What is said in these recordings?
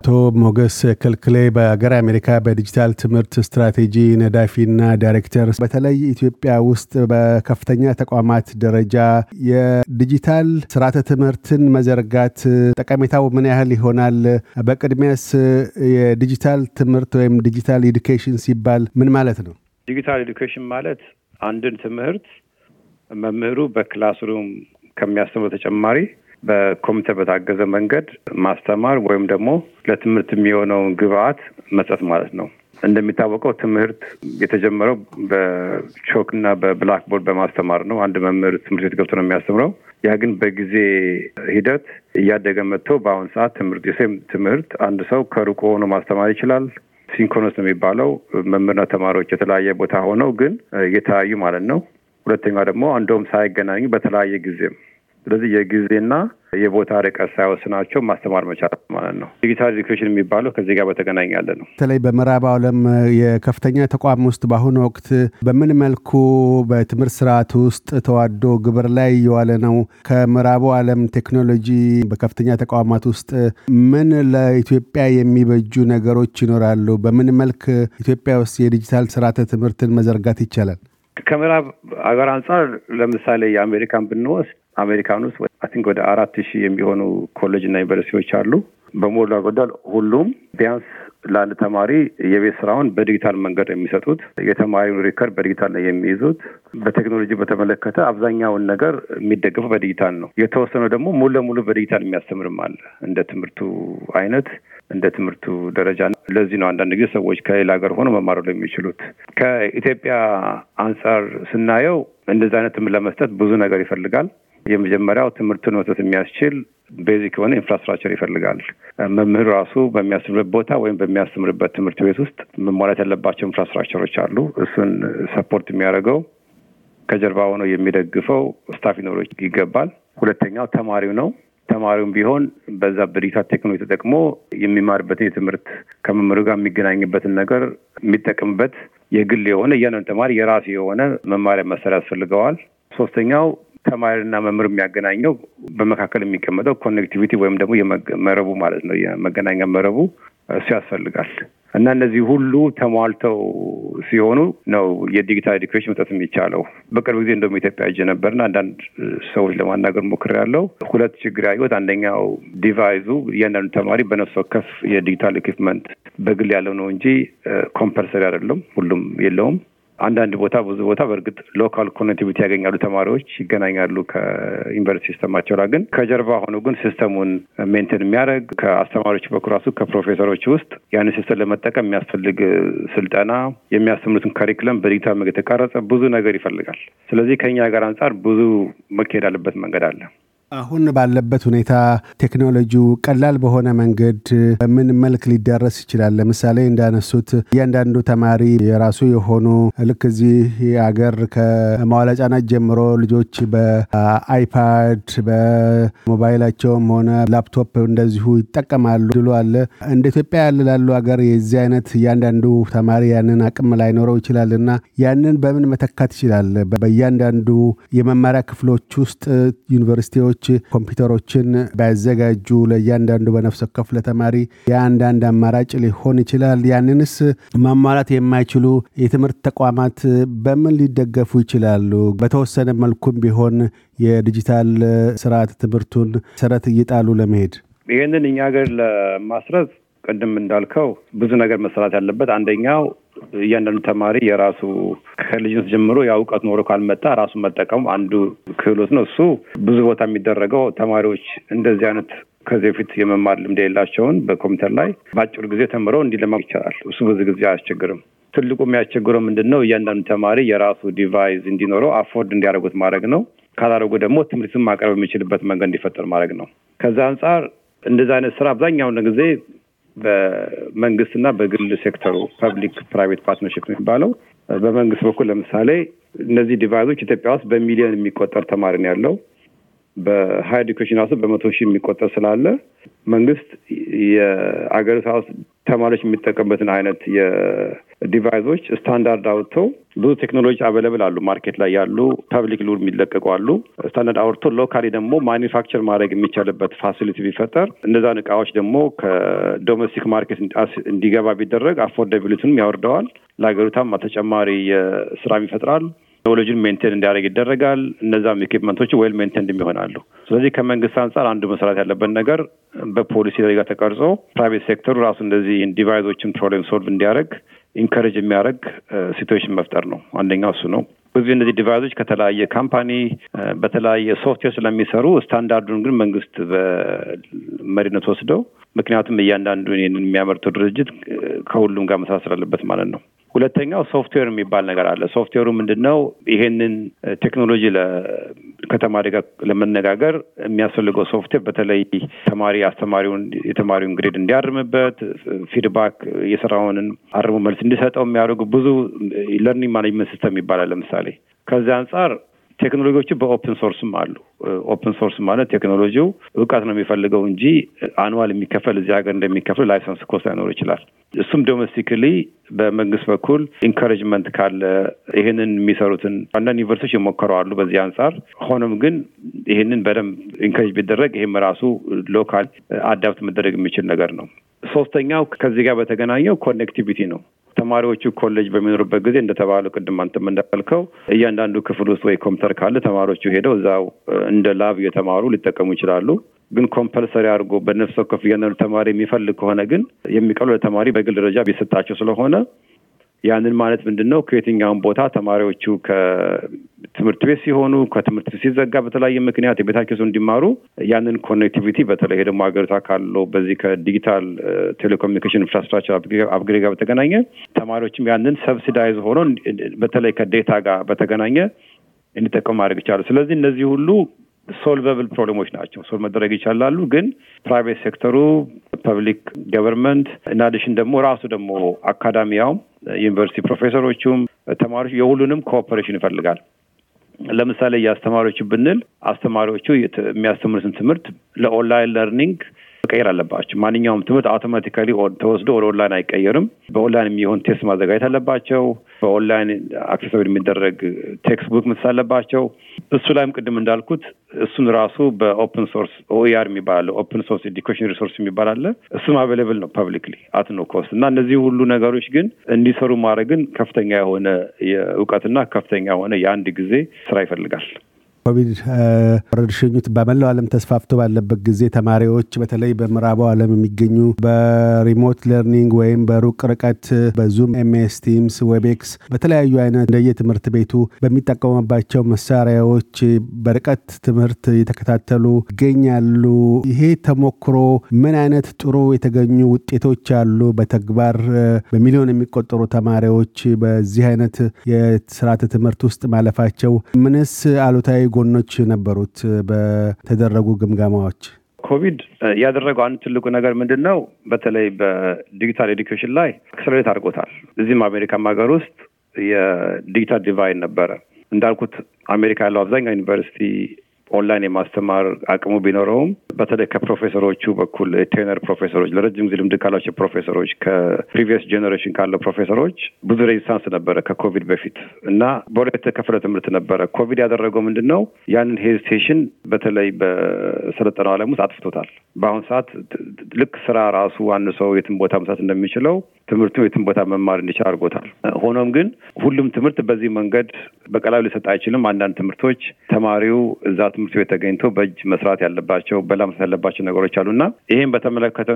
አቶ ሞገስ ክልክሌ በሀገር አሜሪካ በዲጂታል ትምህርት ስትራቴጂ ነዳፊና ዳይሬክተር፣ በተለይ ኢትዮጵያ ውስጥ በከፍተኛ ተቋማት ደረጃ የዲጂታል ስርዓተ ትምህርትን መዘርጋት ጠቀሜታው ምን ያህል ይሆናል? በቅድሚያስ የዲጂታል ትምህርት ወይም ዲጂታል ኢዱኬሽን ሲባል ምን ማለት ነው? ዲጂታል ኤዱኬሽን ማለት አንድን ትምህርት መምህሩ በክላስሩም ከሚያስተምሩ ተጨማሪ በኮምፒውተር በታገዘ መንገድ ማስተማር ወይም ደግሞ ለትምህርት የሚሆነውን ግብአት መስጠት ማለት ነው። እንደሚታወቀው ትምህርት የተጀመረው በቾክና በብላክቦርድ በማስተማር ነው። አንድ መምህር ትምህርት ቤት ገብቶ ነው የሚያስተምረው። ያ ግን በጊዜ ሂደት እያደገ መጥቶ በአሁን ሰዓት ትምህርት የሴም ትምህርት አንድ ሰው ከሩቆ ሆኖ ማስተማር ይችላል። ሲንክሮኖስ ነው የሚባለው። መምህርና ተማሪዎች የተለያየ ቦታ ሆነው ግን እየተያዩ ማለት ነው። ሁለተኛ ደግሞ እንደውም ሳይገናኙ በተለያየ ጊዜም ስለዚህ የጊዜና የቦታ ርቀት ሳይወስናቸው ማስተማር መቻል ማለት ነው። ዲጂታል ኤዱኬሽን የሚባለው ከዚህ ጋር በተገናኝ ያለ ነው። በተለይ በምዕራብ ዓለም የከፍተኛ ተቋም ውስጥ በአሁኑ ወቅት በምን መልኩ በትምህርት ስርዓት ውስጥ ተዋዶ ግብር ላይ የዋለ ነው? ከምዕራቡ ዓለም ቴክኖሎጂ በከፍተኛ ተቋማት ውስጥ ምን ለኢትዮጵያ የሚበጁ ነገሮች ይኖራሉ? በምን መልክ ኢትዮጵያ ውስጥ የዲጂታል ስርዓተ ትምህርትን መዘርጋት ይቻላል? ከምዕራብ ሀገር አንጻር ለምሳሌ የአሜሪካን ብንወስድ አሜሪካን ውስጥ አይ ወደ አራት ሺህ የሚሆኑ ኮሌጅ እና ዩኒቨርሲቲዎች አሉ። በሞላ ጎደል ሁሉም ቢያንስ ለአንድ ተማሪ የቤት ስራውን በዲጂታል መንገድ የሚሰጡት፣ የተማሪውን ሪከርድ በዲጂታል ነው የሚይዙት። በቴክኖሎጂ በተመለከተ አብዛኛውን ነገር የሚደገፈው በዲጂታል ነው። የተወሰነው ደግሞ ሙሉ ለሙሉ በዲጂታል የሚያስተምርም አለ እንደ ትምህርቱ አይነት እንደ ትምህርቱ ደረጃ ነው። ለዚህ ነው አንዳንድ ጊዜ ሰዎች ከሌላ ሀገር ሆነው መማር የሚችሉት። ከኢትዮጵያ አንጻር ስናየው እንደዚ አይነት ትምህርት ለመስጠት ብዙ ነገር ይፈልጋል። የመጀመሪያው ትምህርቱን መስጠት የሚያስችል ቤዚክ የሆነ ኢንፍራስትራክቸር ይፈልጋል። መምህሩ ራሱ በሚያስተምርበት ቦታ ወይም በሚያስተምርበት ትምህርት ቤት ውስጥ መሟላት ያለባቸው ኢንፍራስትራክቸሮች አሉ። እሱን ሰፖርት የሚያደርገው ከጀርባ ሆነው የሚደግፈው ስታፍ ሊኖረው ይገባል። ሁለተኛው ተማሪው ነው። ተማሪውም ቢሆን በዛ በዲጂታል ቴክኖሎጂ ተጠቅሞ የሚማርበትን የትምህርት ከመምህሩ ጋር የሚገናኝበትን ነገር የሚጠቅምበት የግል የሆነ እያንዳንዱ ተማሪ የራሱ የሆነ መማሪያ መሳሪያ ያስፈልገዋል። ሶስተኛው ተማሪና መምህር የሚያገናኘው በመካከል የሚቀመጠው ኮኔክቲቪቲ ወይም ደግሞ መረቡ ማለት ነው፣ የመገናኛ መረቡ እሱ ያስፈልጋል። እና እነዚህ ሁሉ ተሟልተው ሲሆኑ ነው የዲጂታል ኤዱኬሽን መስጠት የሚቻለው። በቅርብ ጊዜ እንደውም ኢትዮጵያ እጅ ነበርና አንዳንድ ሰዎች ለማናገር ሞክሬያለሁ። ሁለት ችግር ያየሁት አንደኛው ዲቫይዙ እያንዳንዱ ተማሪ በነፍስ ወከፍ የዲጂታል ኢኩፕመንት በግል ያለው ነው እንጂ ኮምፐልሰሪ አይደለም፣ ሁሉም የለውም። አንዳንድ ቦታ ብዙ ቦታ በእርግጥ ሎካል ኮኔክቲቪቲ ያገኛሉ፣ ተማሪዎች ይገናኛሉ ከዩኒቨርሲቲ ሲስተማቸው ላይ ግን ከጀርባ ሆኖ ግን ሲስተሙን ሜንቴን የሚያደርግ ከአስተማሪዎች በኩል ራሱ ከፕሮፌሰሮች ውስጥ ያን ሲስተም ለመጠቀም የሚያስፈልግ ስልጠና፣ የሚያስተምሩትን ከሪክለም በዲጂታል መንገድ የተቀረጸ ብዙ ነገር ይፈልጋል። ስለዚህ ከኛ ጋር አንጻር ብዙ መካሄድ አለበት መንገድ አለ። አሁን ባለበት ሁኔታ ቴክኖሎጂው ቀላል በሆነ መንገድ በምን መልክ ሊዳረስ ይችላል? ለምሳሌ እንዳነሱት እያንዳንዱ ተማሪ የራሱ የሆኑ ልክ እዚህ አገር ከመዋለ ሕጻናት ጀምሮ ልጆች በአይፓድ በሞባይላቸውም ሆነ ላፕቶፕ እንደዚሁ ይጠቀማሉ። ድሉ አለ። እንደ ኢትዮጵያ ያለ ላሉ አገር የዚህ አይነት እያንዳንዱ ተማሪ ያንን አቅም ላይኖረው ይችላል እና ያንን በምን መተካት ይችላል? በእያንዳንዱ የመማሪያ ክፍሎች ውስጥ ዩኒቨርሲቲዎች ተማሪዎች ኮምፒውተሮችን ቢያዘጋጁ ለእያንዳንዱ በነፍሰ ወከፍ ለተማሪ የአንዳንድ አማራጭ ሊሆን ይችላል። ያንንስ ማሟላት የማይችሉ የትምህርት ተቋማት በምን ሊደገፉ ይችላሉ? በተወሰነ መልኩም ቢሆን የዲጂታል ስርዓት ትምህርቱን ሰረት እየጣሉ ለመሄድ ይህንን እኛ ሀገር ለማስረጽ ቅድም እንዳልከው ብዙ ነገር መሰራት ያለበት አንደኛው እያንዳንዱ ተማሪ የራሱ ከልጅነት ጀምሮ ያ እውቀት ኖሮ ካልመጣ ራሱን መጠቀሙ አንዱ ክህሎት ነው። እሱ ብዙ ቦታ የሚደረገው ተማሪዎች እንደዚህ አይነት ከዚህ በፊት የመማር ልምድ የሌላቸውን በኮምፒውተር ላይ በአጭሩ ጊዜ ተምረው እንዲለማ ይቻላል። እሱ ብዙ ጊዜ አያስቸግርም። ትልቁ የሚያስቸግረው ምንድን ነው? እያንዳንዱ ተማሪ የራሱ ዲቫይዝ እንዲኖረው አፎርድ እንዲያደርጉት ማድረግ ነው። ካላደረጉ ደግሞ ትምህርትን ማቅረብ የሚችልበት መንገድ እንዲፈጠር ማድረግ ነው። ከዚ አንጻር እንደዚህ አይነት ስራ አብዛኛውን ጊዜ በመንግስትና በግል ሴክተሩ ፐብሊክ ፕራይቬት ፓርትነርሽፕ የሚባለው በመንግስት በኩል ለምሳሌ እነዚህ ዲቫይሶች ኢትዮጵያ ውስጥ በሚሊዮን የሚቆጠር ተማሪ ነው ያለው። በሀይ ኤዱኬሽን ራሱ በመቶ ሺህ የሚቆጠር ስላለ መንግስት የአገሪቷ ውስጥ ተማሪዎች የሚጠቀምበትን አይነት የዲቫይሶች ስታንዳርድ አውጥተው ብዙ ቴክኖሎጂ አቬለብል አሉ ማርኬት ላይ ያሉ ፐብሊክ ሉር የሚለቀቁ አሉ። ስታንዳርድ አውርቶ ሎካሊ ደግሞ ማኒፋክቸር ማድረግ የሚቻልበት ፋሲሊቲ ቢፈጠር እነዛን እቃዎች ደግሞ ከዶሜስቲክ ማርኬት እንዲገባ ቢደረግ አፎርደቢሊቲንም ያወርደዋል። ለሀገሪቷም ተጨማሪ ስራም ይፈጥራል። ቴክኖሎጂን ሜንቴን እንዲያደርግ ይደረጋል። እነዛም ኢኩፕመንቶች ዌል ሜንቴንድ ይሆናሉ። ስለዚህ ከመንግስት አንጻር አንዱ መስራት ያለበት ነገር በፖሊሲ ደረጃ ተቀርጾ ፕራይቬት ሴክተሩ ራሱ እንደዚህ ዲቫይዞችን ፕሮብሌም ሶልቭ እንዲያደርግ ኢንከሬጅ የሚያደርግ ሲትዌሽን uh, መፍጠር ነው። አንደኛው እሱ ነው። ብዙ እነዚህ ዲቫይሶች ከተለያየ ካምፓኒ uh, በተለያየ ሶፍትዌር ስለሚሰሩ ስታንዳርዱን ግን መንግስት በመሪነት ወስደው፣ ምክንያቱም እያንዳንዱ ይህንን የሚያመርተው ድርጅት ከሁሉም ጋር መስራት ስላለበት ማለት ነው። ሁለተኛው ሶፍትዌር የሚባል ነገር አለ። ሶፍትዌሩ ምንድን ነው? ይሄንን ቴክኖሎጂ ከተማሪ ጋር ለመነጋገር የሚያስፈልገው ሶፍትዌር በተለይ ተማሪ አስተማሪውን የተማሪውን ግሬድ እንዲያርምበት፣ ፊድባክ የስራውንን አርሙ መልስ እንዲሰጠው የሚያደርጉ ብዙ ለርኒንግ ማኔጅመንት ሲስተም ይባላል ለምሳሌ ከዚህ አንጻር ቴክኖሎጂዎቹ በኦፕን ሶርስም አሉ። ኦፕን ሶርስ ማለት ቴክኖሎጂው እውቀት ነው የሚፈልገው እንጂ አኑዋል የሚከፈል እዚህ ሀገር እንደሚከፍል ላይሰንስ ኮስ ላይኖር ይችላል። እሱም ዶሜስቲክሊ በመንግስት በኩል ኢንካሬጅመንት ካለ ይህንን የሚሰሩትን አንዳንድ ዩኒቨርሲቲዎች አሉ በዚህ አንጻር። ሆኖም ግን ይህንን በደንብ ኢንካሬጅ ቢደረግ ይህም ራሱ ሎካል አዳፕት መደረግ የሚችል ነገር ነው። ሶስተኛው ከዚህ ጋር በተገናኘው ኮኔክቲቪቲ ነው። ተማሪዎቹ ኮሌጅ በሚኖሩበት ጊዜ እንደተባለው ቅድም አንተም እንዳልከው እያንዳንዱ ክፍል ውስጥ ወይ ኮምፒውተር ካለ ተማሪዎቹ ሄደው እዛው እንደ ላብ እየተማሩ ሊጠቀሙ ይችላሉ። ግን ኮምፐልሰሪ አድርጎ በነፍሰ ወከፍ እያንዳንዱ ተማሪ የሚፈልግ ከሆነ ግን የሚቀሉ ለተማሪ በግል ደረጃ ቢሰጣቸው ስለሆነ ያንን ማለት ምንድን ነው? ከየትኛውም ቦታ ተማሪዎቹ ከትምህርት ቤት ሲሆኑ ከትምህርት ሲዘጋ በተለያየ ምክንያት የቤታቸው ሰው እንዲማሩ ያንን ኮኔክቲቪቲ በተለይ ደግሞ ሀገሪቷ ካለው በዚህ ከዲጂታል ቴሌኮሙኒኬሽን ኢንፍራስትራክቸር አፕግሬድ ጋር በተገናኘ ተማሪዎችም ያንን ሰብሲዳይዝ ሆኖ በተለይ ከዴታ ጋር በተገናኘ እንዲጠቀሙ ማድረግ ይቻላል። ስለዚህ እነዚህ ሁሉ ሶልቨብል ፕሮብሌሞች ናቸው። ሶል መደረግ ይቻላሉ። ግን ፕራይቬት ሴክተሩ፣ ፐብሊክ ገቨርንመንት እና አዲሽን ደግሞ ራሱ ደግሞ አካዳሚያውም ዩኒቨርሲቲ ፕሮፌሰሮቹም ተማሪዎች የሁሉንም ኮኦፐሬሽን ይፈልጋል። ለምሳሌ የአስተማሪዎች ብንል አስተማሪዎቹ የሚያስተምሩትን ትምህርት ለኦንላይን ለርኒንግ መቀየር አለባቸው። ማንኛውም ትምህርት አውቶማቲካሊ ተወስዶ ወደ ኦንላይን አይቀየርም። በኦንላይን የሚሆን ቴስት ማዘጋጀት አለባቸው። በኦንላይን አክሰስ የሚደረግ ቴክስት ቡክ መጻፍ አለባቸው። እሱ ላይም ቅድም እንዳልኩት እሱን ራሱ በኦፕን ሶርስ ኦኢአር የሚባለ ኦፕን ሶርስ ኤዱኬሽን ሪሶርስ የሚባል አለ። እሱም አቬሌብል ነው ፐብሊክሊ አት ኖ ኮስት እና እነዚህ ሁሉ ነገሮች ግን እንዲሰሩ ማድረግን ከፍተኛ የሆነ የእውቀትና ከፍተኛ የሆነ የአንድ ጊዜ ስራ ይፈልጋል። ኮቪድ ወረርሽኙት በመላው ዓለም ተስፋፍቶ ባለበት ጊዜ ተማሪዎች በተለይ በምዕራቡ ዓለም የሚገኙ በሪሞት ለርኒንግ ወይም በሩቅ ርቀት በዙም፣ ኤምኤስ ቲምስ፣ ዌቤክስ በተለያዩ አይነት እንደየ ትምህርት ቤቱ በሚጠቀሙባቸው መሳሪያዎች በርቀት ትምህርት የተከታተሉ ይገኛሉ። ይሄ ተሞክሮ ምን አይነት ጥሩ የተገኙ ውጤቶች አሉ? በተግባር በሚሊዮን የሚቆጠሩ ተማሪዎች በዚህ አይነት የስርዓተ ትምህርት ውስጥ ማለፋቸው ምንስ አሉታዊ ጎኖች ነበሩት በተደረጉ ግምገማዎች? ኮቪድ ያደረገው አንድ ትልቁ ነገር ምንድን ነው? በተለይ በዲጂታል ኤዱኬሽን ላይ አክሰሌሬት አድርጎታል። እዚህም አሜሪካ ሀገር ውስጥ የዲጂታል ዲቫይን ነበረ። እንዳልኩት አሜሪካ ያለው አብዛኛው ዩኒቨርሲቲ ኦንላይን የማስተማር አቅሙ ቢኖረውም በተለይ ከፕሮፌሰሮቹ በኩል ቴነር ፕሮፌሰሮች ለረጅም ጊዜ ልምድ ካላቸው ፕሮፌሰሮች ከፕሪቪየስ ጀኔሬሽን ካለው ፕሮፌሰሮች ብዙ ሬዚስታንስ ነበረ ከኮቪድ በፊት እና በሁለት የተከፈለ ትምህርት ነበረ። ኮቪድ ያደረገው ምንድን ነው? ያንን ሄዚቴሽን በተለይ በሰለጠነው ዓለም ውስጥ አጥፍቶታል። በአሁኑ ሰዓት ልክ ስራ ራሱ አንድ ሰው የትም ቦታ መስራት እንደሚችለው ትምህርቱ የትም ቦታ መማር እንዲችል አድርጎታል። ሆኖም ግን ሁሉም ትምህርት በዚህ መንገድ በቀላሉ ሊሰጥ አይችልም። አንዳንድ ትምህርቶች ተማሪው እዛ ትምህርት ቤት ተገኝቶ በእጅ መስራት ያለባቸው በላምስ ያለባቸው ነገሮች አሉና ይህም በተመለከተ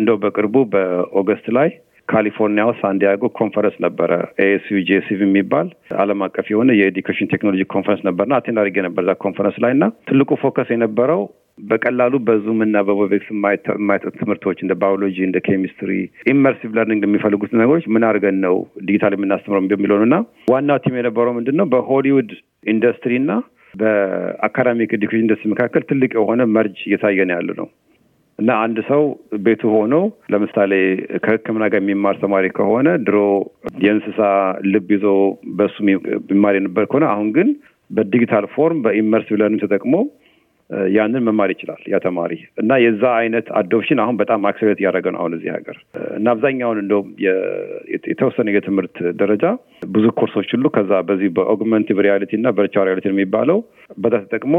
እንደው በቅርቡ በኦገስት ላይ ካሊፎርኒያ ውስጥ ሳንዲያጎ ኮንፈረንስ ነበረ። ኤኤስዩ ጄሲቪ የሚባል ዓለም አቀፍ የሆነ የኤዲኬሽን ቴክኖሎጂ ኮንፈረንስ ነበርና አቴንድ አድርጌ ነበር እዛ ኮንፈረንስ ላይ እና ትልቁ ፎከስ የነበረው በቀላሉ በዙም እና በቦቤክስ የማይጠጡ ትምህርቶች እንደ ባዮሎጂ፣ እንደ ኬሚስትሪ ኢመርሲቭ ለርኒንግ የሚፈልጉት ነገሮች ምን አድርገን ነው ዲጂታል የምናስተምረው የሚለው እና ዋናው ቲም የነበረው ምንድን ነው በሆሊውድ ኢንዱስትሪ እና በአካዳሚክ ኤዱኬሽን ኢንዱስትሪ መካከል ትልቅ የሆነ መርጅ እየታየ ነው ያለ ነው እና አንድ ሰው ቤቱ ሆኖ ለምሳሌ ከሕክምና ጋር የሚማር ተማሪ ከሆነ ድሮ የእንስሳ ልብ ይዞ በሱ የሚማር የነበር ከሆነ አሁን ግን በዲጂታል ፎርም በኢመርሲቭ ለርኒንግ ተጠቅሞ ያንን መማር ይችላል ያ ተማሪ እና የዛ አይነት አዶፕሽን አሁን በጣም አክሰሬት እያደረገ ነው አሁን እዚህ ሀገር እና አብዛኛውን እንደውም የተወሰነ የትምህርት ደረጃ ብዙ ኮርሶች ሁሉ ከዛ በዚህ በኦግመንቲቭ ሪያሊቲ እና ቨርቹዋል ሪያሊቲ የሚባለው በዛ ተጠቅሞ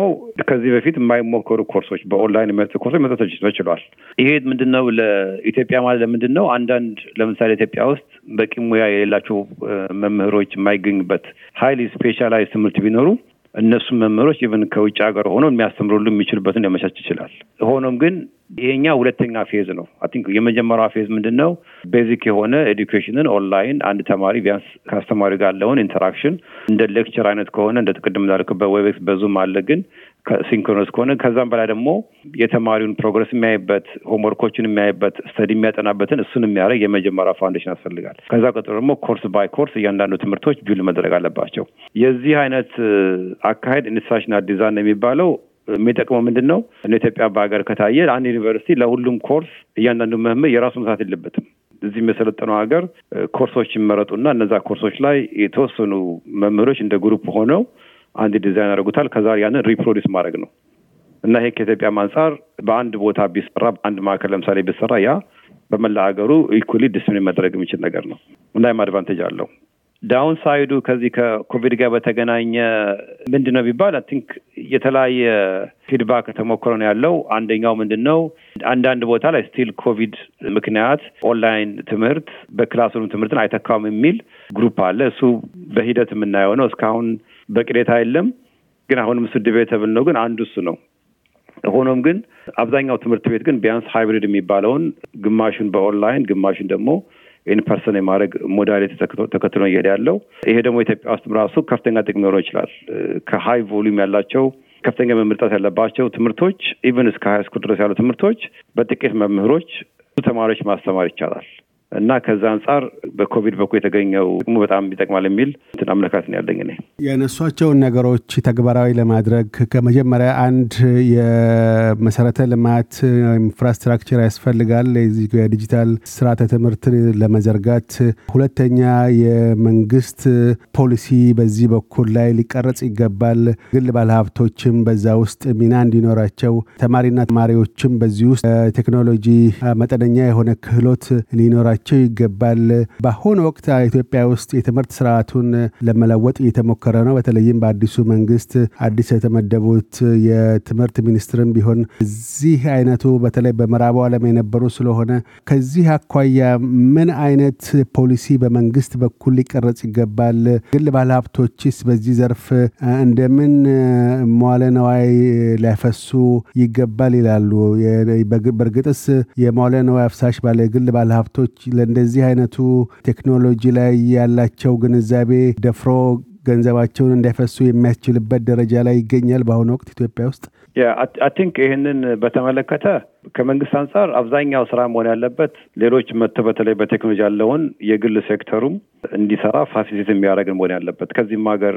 ከዚህ በፊት የማይሞከሩ ኮርሶች በኦንላይን የሚመጡ ኮርሶች መጠቶች ተችሏል። ይሄ ምንድነው ለኢትዮጵያ ማለት ለምንድን ነው አንዳንድ ለምሳሌ ኢትዮጵያ ውስጥ በቂ ሙያ የሌላቸው መምህሮች የማይገኙበት ሀይሊ ስፔሻላይዝ ትምህርት ቢኖሩ እነሱም መምህሮች ኢቨን ከውጭ ሀገር ሆነው የሚያስተምሩልን የሚችሉበትን ሊያመቻች ይችላል። ሆኖም ግን ይሄኛ ሁለተኛ ፌዝ ነው። አይ ቲንክ የመጀመሪያው ፌዝ ምንድን ነው? ቤዚክ የሆነ ኤዱኬሽንን ኦንላይን አንድ ተማሪ ቢያንስ ከአስተማሪ ጋር ያለውን ኢንተራክሽን እንደ ሌክቸር አይነት ከሆነ እንደ ቅድም እንዳልኩበት ወይ በዙም አለ ግን ሲንክሮኖስ ከሆነ ከዛም በላይ ደግሞ የተማሪውን ፕሮግረስ የሚያይበት ሆምወርኮችን የሚያይበት ስተዲ የሚያጠናበትን እሱን የሚያደርግ የመጀመሪያ ፋውንዴሽን ያስፈልጋል። ከዛ ቀጥሎ ደግሞ ኮርስ ባይ ኮርስ እያንዳንዱ ትምህርቶች ቢውል መደረግ አለባቸው። የዚህ አይነት አካሄድ ኢንስቲትዩሽናል ዲዛይን የሚባለው የሚጠቅመው ምንድን ነው? እነ ኢትዮጵያ በሀገር ከታየ አንድ ዩኒቨርሲቲ ለሁሉም ኮርስ እያንዳንዱ መምህር የራሱ መስራት የለበትም። እዚህ የሰለጠነው ሀገር ኮርሶች ይመረጡና እነዛ ኮርሶች ላይ የተወሰኑ መምህሮች እንደ ግሩፕ ሆነው አንድ ዲዛይን ያደርጉታል። ከዛ ያንን ሪፕሮዲስ ማድረግ ነው እና ይሄ ከኢትዮጵያ አንጻር በአንድ ቦታ ቢሰራ በአንድ ማዕከል ለምሳሌ ቢሰራ ያ በመላ ሀገሩ ኢኩሊ ዲስፕሊን መደረግ የሚችል ነገር ነው እና ይም አድቫንቴጅ አለው። ዳውን ሳይዱ ከዚህ ከኮቪድ ጋር በተገናኘ ምንድን ነው ቢባል አይ ቲንክ የተለያየ ፊድባክ ተሞክሮ ነው ያለው። አንደኛው ምንድን ነው አንዳንድ ቦታ ላይ ስቲል ኮቪድ ምክንያት ኦንላይን ትምህርት በክላስሩም ትምህርትን አይተካውም የሚል ግሩፕ አለ። እሱ በሂደት የምናየው ነው። እስካሁን በቅሬታ የለም። ግን አሁንም ስድብ ነው። ግን አንዱ እሱ ነው። ሆኖም ግን አብዛኛው ትምህርት ቤት ግን ቢያንስ ሃይብሪድ የሚባለውን ግማሹን በኦንላይን ግማሹን ደግሞ ኢንፐርሰን የማድረግ ሞዳሊቲ ተከትሎ እየሄደ ያለው ይሄ ደግሞ ኢትዮጵያ ውስጥ ራሱ ከፍተኛ ጥቅም ሊኖረው ይችላል። ከሀይ ቮሉም ያላቸው ከፍተኛ መምርጠት ያለባቸው ትምህርቶች ኢቨን እስከ ሀይ ስኩል ድረስ ያሉ ትምህርቶች በጥቂት መምህሮች ብዙ ተማሪዎች ማስተማር ይቻላል። እና ከዛ አንጻር በኮቪድ በኩል የተገኘው ጥቅሙ በጣም ይጠቅማል የሚል እንትን አመለካት ነው ያለኝ። እኔ የነሷቸውን ነገሮች ተግባራዊ ለማድረግ ከመጀመሪያ አንድ የመሰረተ ልማት ኢንፍራስትራክቸር ያስፈልጋል፣ የዲጂታል ስርዓተ ትምህርትን ለመዘርጋት። ሁለተኛ የመንግስት ፖሊሲ በዚህ በኩል ላይ ሊቀረጽ ይገባል። ግል ባለሀብቶችም በዛ ውስጥ ሚና እንዲኖራቸው፣ ተማሪና ተማሪዎችም በዚህ ውስጥ ቴክኖሎጂ መጠነኛ የሆነ ክህሎት ሊኖራቸው ሊኖራቸው ይገባል። በአሁኑ ወቅት ኢትዮጵያ ውስጥ የትምህርት ስርዓቱን ለመለወጥ እየተሞከረ ነው። በተለይም በአዲሱ መንግስት አዲስ የተመደቡት የትምህርት ሚኒስትርም ቢሆን እዚህ አይነቱ በተለይ በምዕራቡ ዓለም የነበሩ ስለሆነ ከዚህ አኳያ ምን አይነት ፖሊሲ በመንግስት በኩል ሊቀረጽ ይገባል? ግል ባለሀብቶችስ በዚህ ዘርፍ እንደምን መዋለ ነዋይ ሊያፈሱ ይገባል ይላሉ? በእርግጥስ የመዋለ ነዋይ አፍሳሽ ባለ ግል ባለሀብቶች ለእንደዚህ አይነቱ ቴክኖሎጂ ላይ ያላቸው ግንዛቤ ደፍሮ ገንዘባቸውን እንዳይፈሱ የሚያስችልበት ደረጃ ላይ ይገኛል በአሁኑ ወቅት ኢትዮጵያ ውስጥ? አይ ይህንን በተመለከተ ከመንግስት አንጻር አብዛኛው ስራ መሆን ያለበት ሌሎች መጥተው በተለይ በቴክኖሎጂ ያለውን የግል ሴክተሩም እንዲሰራ ፋሲሊቲ የሚያደረግን መሆን ያለበት። ከዚህም ሀገር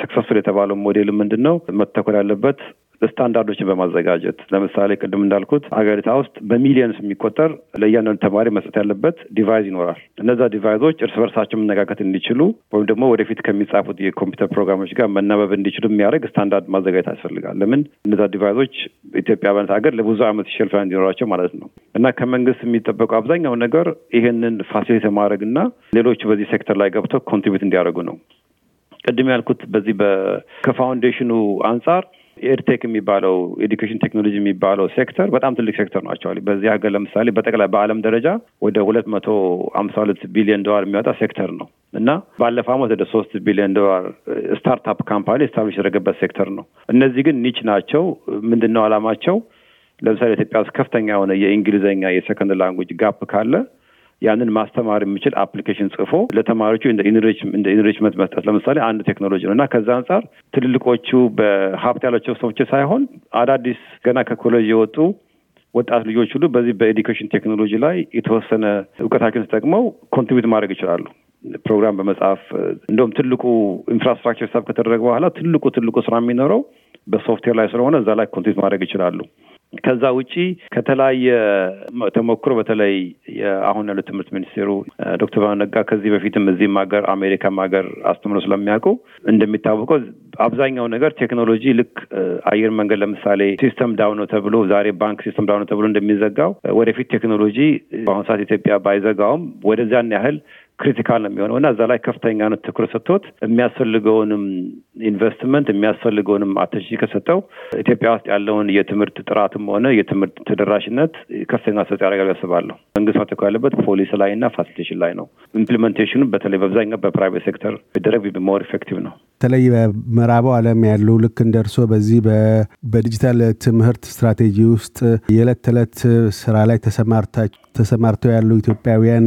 ሰክሰስፉል uh, የተባለው ሞዴል ምንድን ነው? መተኮር ያለበት ስታንዳርዶችን በማዘጋጀት ለምሳሌ ቅድም እንዳልኩት ሀገሪቷ ውስጥ በሚሊየንስ የሚቆጠር ለእያንዳንዱ ተማሪ መስጠት ያለበት ዲቫይዝ ይኖራል። እነዛ ዲቫይዞች እርስ በርሳቸው መነጋገት እንዲችሉ ወይም ደግሞ ወደፊት ከሚጻፉት የኮምፒውተር ፕሮግራሞች ጋር መናበብ እንዲችሉ የሚያደርግ ስታንዳርድ ማዘጋጀት ያስፈልጋል። ለምን እነዛ ዲቫይዞች ኢትዮጵያ በነት ሀገር ለብዙ ዓመት ሸልፍ እንዲኖራቸው ማለት ነው እና ከመንግስት የሚጠበቀው አብዛኛው ነገር ይህንን ፋሲሊቲ እና ሌሎቹ በዚህ ሴክተር ላይ ገብተው ኮንትሪቢዩት እንዲያደርጉ ነው። ቅድም ያልኩት በዚህ ከፋውንዴሽኑ አንጻር ኤድቴክ የሚባለው ኤዱኬሽን ቴክኖሎጂ የሚባለው ሴክተር በጣም ትልቅ ሴክተር ነው። በዚህ ሀገር ለምሳሌ በጠቅላይ በዓለም ደረጃ ወደ ሁለት መቶ አምሳ ሁለት ቢሊዮን ዶላር የሚወጣ ሴክተር ነው እና ባለፈው ዓመት ወደ ሶስት ቢሊዮን ዶላር ስታርታፕ ካምፓኒ ስታብሊሽ ያደረገበት ሴክተር ነው። እነዚህ ግን ኒች ናቸው። ምንድን ነው አላማቸው? ለምሳሌ ኢትዮጵያ ውስጥ ከፍተኛ የሆነ የእንግሊዝኛ የሰከንድ ላንጉጅ ጋፕ ካለ ያንን ማስተማር የሚችል አፕሊኬሽን ጽፎ ለተማሪዎቹ እንደ ኢንሪችመንት መስጠት ለምሳሌ አንድ ቴክኖሎጂ ነው እና ከዛ አንጻር ትልልቆቹ በሀብት ያላቸው ሰዎች ሳይሆን አዳዲስ ገና ከኮሌጅ የወጡ ወጣት ልጆች ሁሉ በዚህ በኤዲኬሽን ቴክኖሎጂ ላይ የተወሰነ እውቀታቸውን ተጠቅመው ኮንትሪቢዩት ማድረግ ይችላሉ። ፕሮግራም በመጽሐፍ እንደውም ትልቁ ኢንፍራስትራክቸር ሳብ ከተደረገ በኋላ ትልቁ ትልቁ ስራ የሚኖረው በሶፍትዌር ላይ ስለሆነ እዛ ላይ ኮንትሪቢዩት ማድረግ ይችላሉ። ከዛ ውጪ ከተለያየ ተሞክሮ በተለይ አሁን ያሉ ትምህርት ሚኒስቴሩ ዶክተር ብርሃኑ ነጋ ከዚህ በፊትም እዚህም ሀገር አሜሪካም ሀገር አስተምሮ ስለሚያውቁ እንደሚታወቀው አብዛኛው ነገር ቴክኖሎጂ ልክ አየር መንገድ ለምሳሌ ሲስተም ዳውን ተብሎ ዛሬ ባንክ ሲስተም ዳውን ተብሎ እንደሚዘጋው ወደፊት ቴክኖሎጂ በአሁኑ ሰዓት ኢትዮጵያ ባይዘጋውም ወደዚያን ያህል ክሪቲካል ነው የሚሆነው እና እዛ ላይ ከፍተኛ ነው ትኩረት ሰጥቶት የሚያስፈልገውንም ኢንቨስትመንት የሚያስፈልገውንም አቴንሽን ከሰጠው ኢትዮጵያ ውስጥ ያለውን የትምህርት ጥራትም ሆነ የትምህርት ተደራሽነት ከፍተኛ ሰጥ ያደርጋል ያስባለሁ። መንግስት ማተኮር ያለበት ፖሊሲ ላይ እና ፋሲሊቴሽን ላይ ነው። ኢምፕሊመንቴሽኑ በተለይ በአብዛኛው በፕራይቬት ሴክተር ቢደረግ ሞር ኢፌክቲቭ ነው። በተለይ በምዕራቡ ዓለም ያሉ ልክ እንደ በዚህ በዲጂታል ትምህርት ስትራቴጂ ውስጥ የዕለት ተዕለት ስራ ላይ ተሰማርተው ያሉ ኢትዮጵያውያን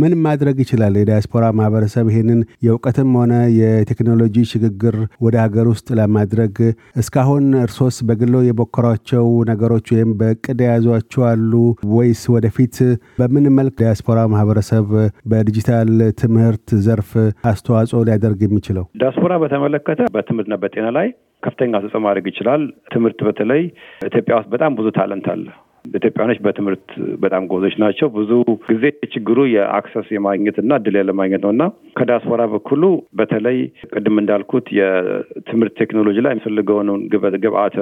ምን ማድረግ ይችላል? የዲያስፖራ ማህበረሰብ ይህንን የእውቀትም ሆነ የቴክኖሎጂ ሽግግር ወደ ሀገር ውስጥ ለማድረግ እስካሁን እርሶስ በግሎ የሞከሯቸው ነገሮች ወይም በእቅድ የያዟቸው አሉ ወይስ ወደፊት በምን መልክ ዲያስፖራ ማህበረሰብ በዲጂታል ትምህርት ዘርፍ አስተዋጽኦ ሊያደርግ የሚችለው ምርመራ በተመለከተ በትምህርትና በጤና ላይ ከፍተኛ ተጽዕኖ ማድረግ ይችላል። ትምህርት በተለይ ኢትዮጵያ ውስጥ በጣም ብዙ ታለንት አለ። ኢትዮጵያኖች በትምህርት በጣም ጎበዞች ናቸው። ብዙ ጊዜ ችግሩ የአክሰስ የማግኘትና እድል ያለማግኘት ነው እና ከዲያስፖራ በኩሉ በተለይ ቅድም እንዳልኩት የትምህርት ቴክኖሎጂ ላይ የሚፈልገውን ግብአተ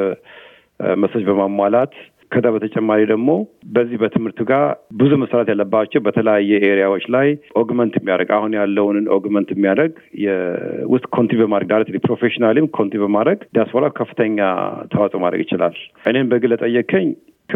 መሰች በማሟላት ከዛ በተጨማሪ ደግሞ በዚህ በትምህርት ጋር ብዙ መሰራት ያለባቸው በተለያየ ኤሪያዎች ላይ ኦግመንት የሚያደርግ አሁን ያለውንን ኦግመንት የሚያደርግ ውስጥ ኮንቲ በማድረግ ዳይሬክት ፕሮፌሽናሊም ኮንቲ በማድረግ ዲያስፖራ ከፍተኛ ተዋጽኦ ማድረግ ይችላል። እኔም በግል ጠየከኝ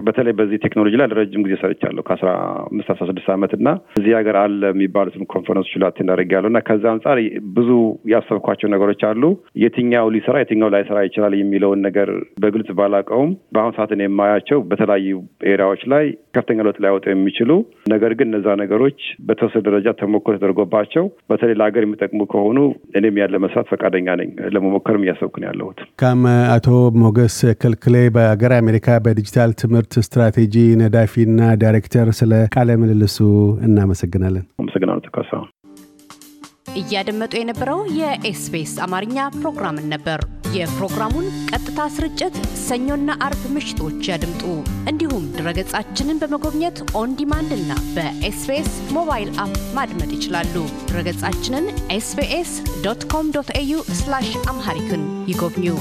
በተለይ በዚህ ቴክኖሎጂ ላይ ለረጅም ጊዜ ሰርቻለሁ ከአስራ አምስት አስራ ስድስት ዓመት እና እዚህ ሀገር አለ የሚባሉትም ኮንፈረንሶች ላይ አቴንድ ያለው እና ከዛ አንጻር ብዙ ያሰብኳቸው ነገሮች አሉ። የትኛው ሊሰራ የትኛው ላይሰራ ይችላል የሚለውን ነገር በግልጽ ባላውቀውም በአሁኑ ሰዓት ነው የማያቸው በተለያዩ ኤሪያዎች ላይ ከፍተኛ ለውጥ ሊያወጡ የሚችሉ ነገር ግን እነዛ ነገሮች በተወሰነ ደረጃ ተሞክሮ ተደርጎባቸው በተለይ ለሀገር የሚጠቅሙ ከሆኑ እኔም ያለ መስራት ፈቃደኛ ነኝ። ለመሞከርም እያሰብኩ ነው ያለሁት። ካም አቶ ሞገስ ክልክሌ በሀገር አሜሪካ በዲጂታል ትምህርት ትምህርት ስትራቴጂ ነዳፊና ዳይሬክተር፣ ስለ ቃለ ምልልሱ እናመሰግናለን። አመሰግናሉ ተካሳ። እያደመጡ የነበረው የኤስቢኤስ አማርኛ ፕሮግራምን ነበር። የፕሮግራሙን ቀጥታ ስርጭት ሰኞና አርብ ምሽቶች ያድምጡ። እንዲሁም ድረገጻችንን በመጎብኘት ኦን እና በኤስቢኤስ ሞባይል አፕ ማድመጥ ይችላሉ። ድረገጻችንን ኤስቢኤስ ዶት ኮም ዶት ኤዩ አምሃሪክን ይጎብኙ።